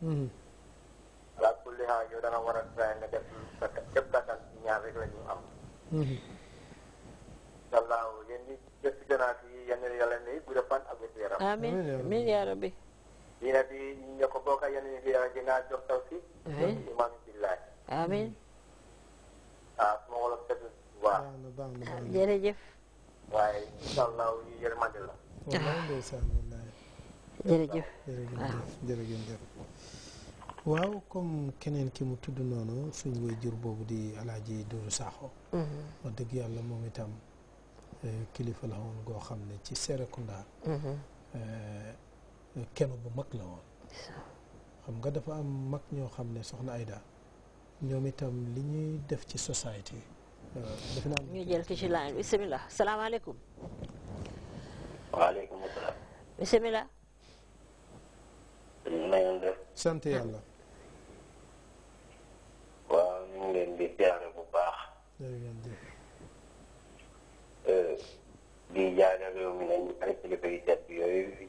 daal hmm. pour hmm. yaa rabbi. diine bi ñu ko bokk ak yéen ñi jox taw si. ma wolof seetlu waaw. jërëjëf. waaye incha allahu yërmande la. jërëjëf jërëjëf jërëjëf. waaw comme keneen ki mu tudd noonu suñ woy jur boobu di alaaji Duudu Saaxo mhm. wax dëgg yàlla moom itam eh, kilifa la woon goo xam ne ci Serekunda mhm. eh, kenn bu mag la woon xam nga dafa am mag ñoo xam ne soxna Ayda ñoom itam li ñuy def ci société eh, def naa ñu jël ki ci laan sant yàlla ay kilifa yu tedd yooyu fi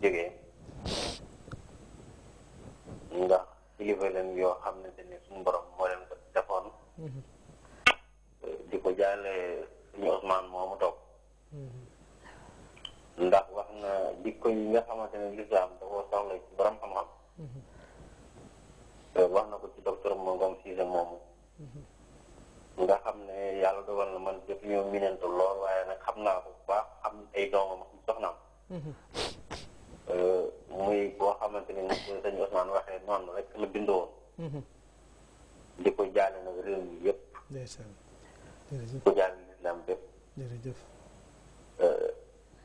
ndax kilifa leen yoo xam ne te ni suñu moo leen ko defoon di ko jaale suñu Ousmane moomu toog ndax wax na jikko yi nga xamante ne lislaam dafa soxla ci borom xam-xam wax na ko ci docteur Mangom Cissé moomu nga xam ne yàlla dogal na man jot ñoo minentu lool waaye xam naa ko bu xam ay doomam Euh, muy boo xamante ni moom sëñ Ousmane waxee noonu rek la bindoo woon. Mhm. ko jaale nag réew mi yëpp. Euh,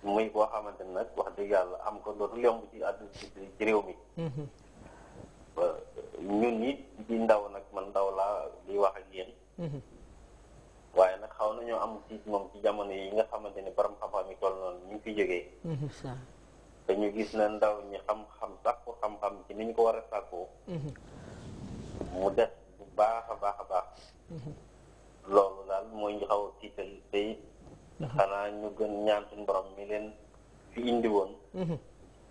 muy boo xamante nag wax dëgg yàlla am ko dootul yomb ci àdduna ci réew mi. Mhm. Euh, ñun it di ndaw nag man ndaw laa di wax ak yéen. Mhm. xaw nañoo am tiit moom ci jamono yi nga xamante ne borom xam-xam yi toll noonu ñu fi jógee mhm, te ñu gis na ndaw ñi xam-xam sàkku xam-xam ci ni ko war a sàkkoo mhm. mu des bu baax a baax a baax mhm. loolu daal mooy ñu xaw tiital te xanaa ñu gën ñaan suñu borom mi leen fi indi woon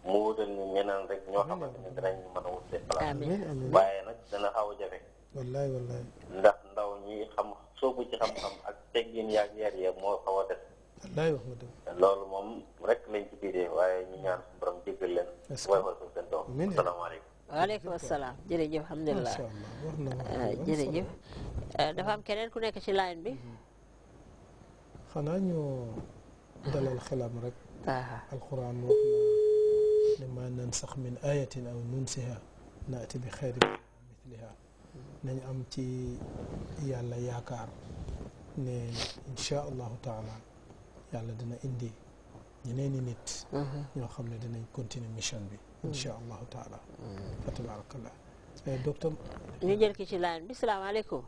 mu wutal ñu ñeneen rek ñoo dinañ mën a wut seen place waaye nag dana xaw a jafe wallaay wallaay ndax yi xam soobu ci xam-xam ak teggin yaag yar ya moo xaw a def wallaay wax nga dëgg loolu moom rek lañ ci biiree waaye ñu ñaan suñu borom jéggal leen way fa suuf seen doom asalaamaaleykum waaleykum asalaam jërëjëf alhamdulilah jërëjëf dafa am keneen ku nekk ci line bi xanaa ñu dalal xelam rek alquran wax na ne ma nansax min ayatin aw nunsiha naati bi xayri mithliha نن أمتي يلا ياكار نن إن شاء الله تعالى يلا دنا إندي ينيني نت يو خم ندنا يكونتيني ميشن بي إن شاء الله تعالى فتبارك الله دكتور نجيل كيشلان بسلام عليكم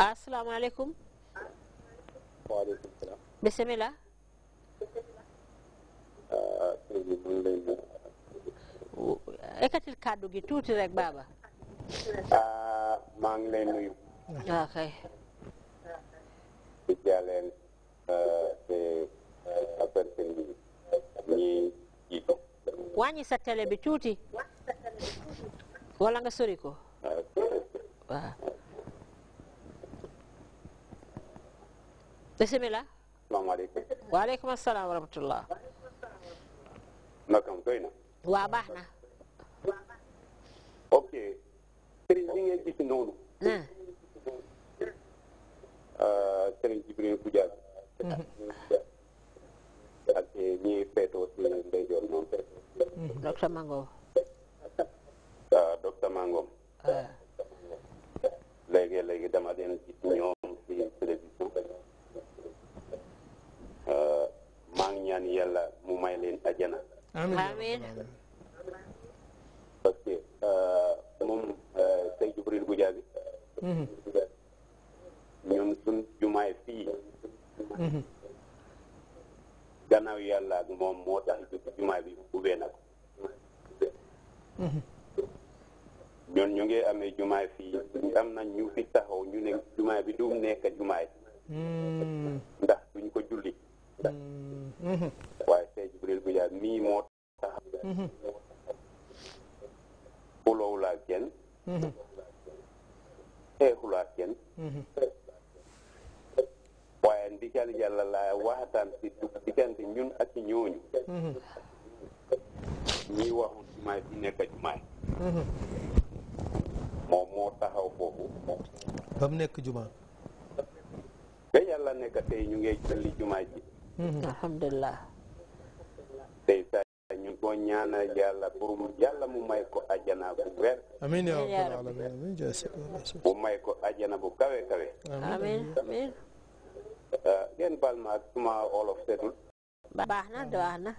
السلام عليكم وعليكم السلام بسم الله yëkkatil kàddu gi tuuti rek baaba. Ah, maa ngi lay nuyu. waaw ah, kay. di ah, bi ñi sa télé bi tuuti. wala nga sori ko. waaw. bisimilah. salaamaaleykum. waaleykum salaam waa baax na. sëriñ bi ngeen gis noonu. sëriñ Jibril Goudiaby. ak ñi feetoo si ndeyjoor moom. docteur Mangom. waaw docteur Mangom. léegi léegi dama si télévision. maa ngi ñaan yàlla mu may Mm-hmm. ñun suñ jumaay fii mm-hmm. gannaaw yàlla ak moom moo tax jumaay bi ubbee na ko mm-hmm. ñun ñu ngi amee jumaay fii am na ñu fi taxaw ñu ne jumaay bi du nekk jumaay ndax duñ ko julli waaye Seex Jibril Gujaa mii moo taxaw xulowul kenn ehulakin waaye ndikal yàlla laa waxtaan si diggante ñun ak ñooñu ñii waxul jumaay du nekk jumaay moom moo taxaw foofu ba mu nekk jumaa ba yàlla nekk tey ñu ngi julli ji alhamdulilah ko ñaanal yàlla pour mu yàlla mu may ko ajana bu wér. amiin yaa rabbal aalamiin may ko ajana bu kawe kawe. amiin amiin. Euh, ngeen baal suma olof setul. baax na baax na.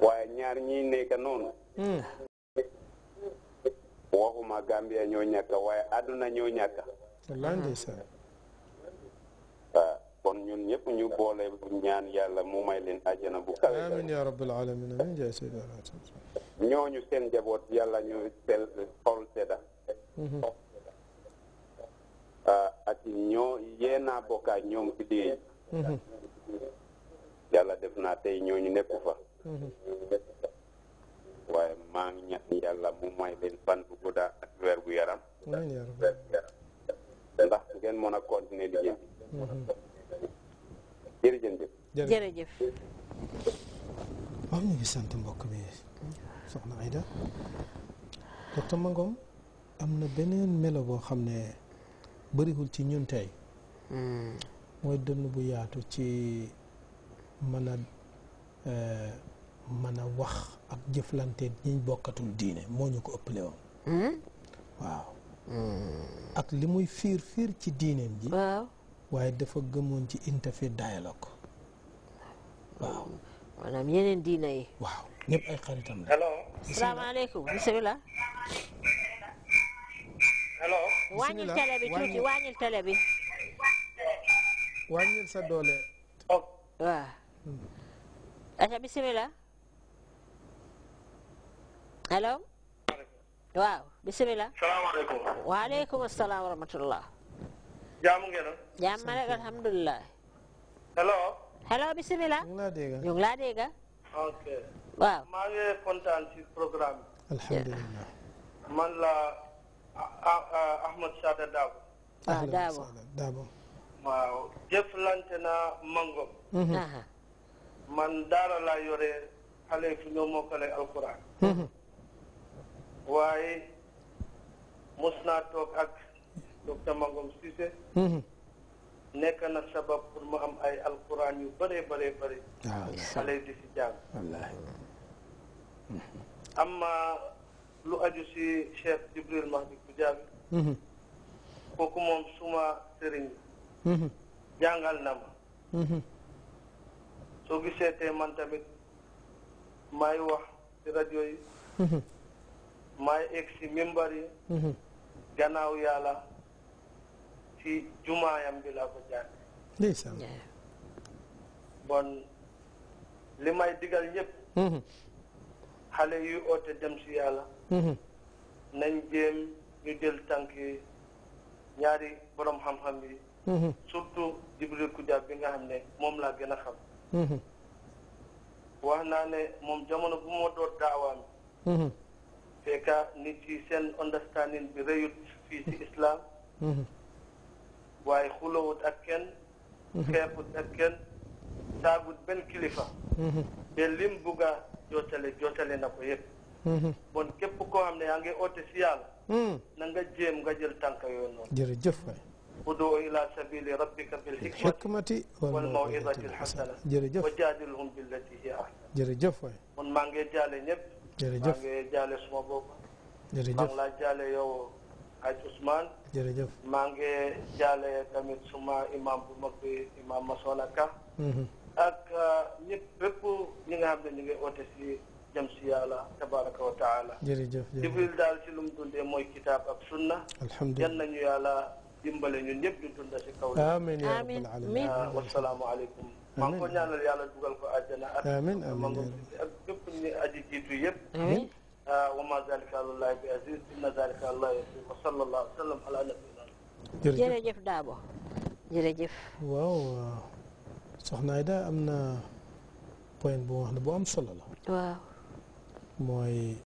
waaye ñaar ñi nekk noonu. Hmm. waxuma Gambia ñoo ñàkk waaye àdduna ñoo ñàkk. kon ñun ñëpp ñu boole ñaan yàlla mu may leen àjjana bu kawe amiin yaa rabbal alamin amiin jaay seyda ñooñu seen njaboot yàlla ñu sel xol sedda mhm. ah, ak ñoo yee naa ñoom ci mhm. yàlla def naa tey ñu nekku fa mhm. waaye maa ñaan yàlla mu may leen fan bu gudda ak weer gu yaram jërëjëf waaw ñu ngi sant mbokk bi soxna Aida docteur Mangom am na beneen melo boo xam ne bëriwul ci ñun tey hmm. mooy dënn bu yaatu ci mën a e, mën a wax ak jëflante ñiñ bokkatul diine moo ñu ko ëppale woon hmm? waaw hmm. ak li muy fiir fiir ci diineem ji waaye dafa gëmoon ci interfaith dialogue waaw maanaam yeneen diina yi waaw ñëpp ay xaritam la allo salaamaaleykum bisimilah allo wàññil télé bi tuuti wàññil télé bi wàññil sa doole waaw hmm. aca bisimilah allo waaw bisimilah salaamaaleykum waaleykum asalaam wa rahmatullah jaamu ngeen jàmm rek alhamdulilah allo hello bisimilah. ñu ngi laa dégg waaw maa ngi kontaan ci programme bi. alhamdulilah. man la Ahmed Sada Dabo. ah Dabo Dabo. Mangom. Mhm. man daara yore xale fi ñoo mokkale alquran. Mhm. waaye mos naa ak docteur Mangom Cissé. Mhm. nekk na sabab pour mu am ay alquran yu bare bëree bëri ah, xale di si jàng wallaahi amma lu aju si Cheikh Jibril Mahdi Goudiaby mhm. kooku moom suma sëriñ mhm. jàngal na ma mhm. soo gisee tey man tamit maay wax si rajo yi maay egg si mimbar yi gannaaw yàlla ci jumaayam bi laa ko jàng bon li may digal ñëpp mm-hmm. xale yu oote dem si yàlla mm-hmm. nañ jéem ñu jël tànk yi ñaari borom xam-xam yi mm-hmm. surtout Jibril Kujaab bi nga xam ne moom laa gën a xam wax naa ne moom jamono bu ma door daawaam fekka nit yi seen understanding bi rëyut fii si islam waaye xulawut ak kenn mhm. xeexut ak kenn saagut benn kilifa mhm. te lim bugga jootale jootale na ko yëpp mhm. bon képp koo xam ne yaa ngi oote si yàlla na nga jéem nga jël tànk yooyu noonu jërëjëf waay udoo ila sabili rabbika bil hikmati wal mawidati al hasana jërëjëf wa jaadilhum billati hiya ahsan jërëjëf waay bon maa ngi jaale ñëpp jërëjëf maa ngi jaale suma bopp jërëjëf maa ngi laa jaale yow aj Ousmane. jërëjëf maa ngi jaale tamit suma imam bu mag bi imam Massola Ka mm-hmm. ak euh, ñëpp bépp ñi nga xam ne ñu ngi oote si jëm si yàlla tabaraka wa taala jërëjëf jibril daal si lu mu dundee mooy kitaab ak sunna alhamdulilah yan nañu yàlla dimbale ñun ñëpp di dunda si kaw amiin yaa rabbal alamin wasalaamualeykum maa ngi ko ñaanal yàlla dugal ko àjjana ak amiin amiin ak bépp ñi aji jiitu yëpp wa ma zalika alallahi bi aziz inna zalika allah yasir wa sallallahu alayhi wa sallam ala nabiyina jërëjëf Daabo jërëjëf waaw soxna Ayda am na point bu wax ne bu am solo la waaw mooy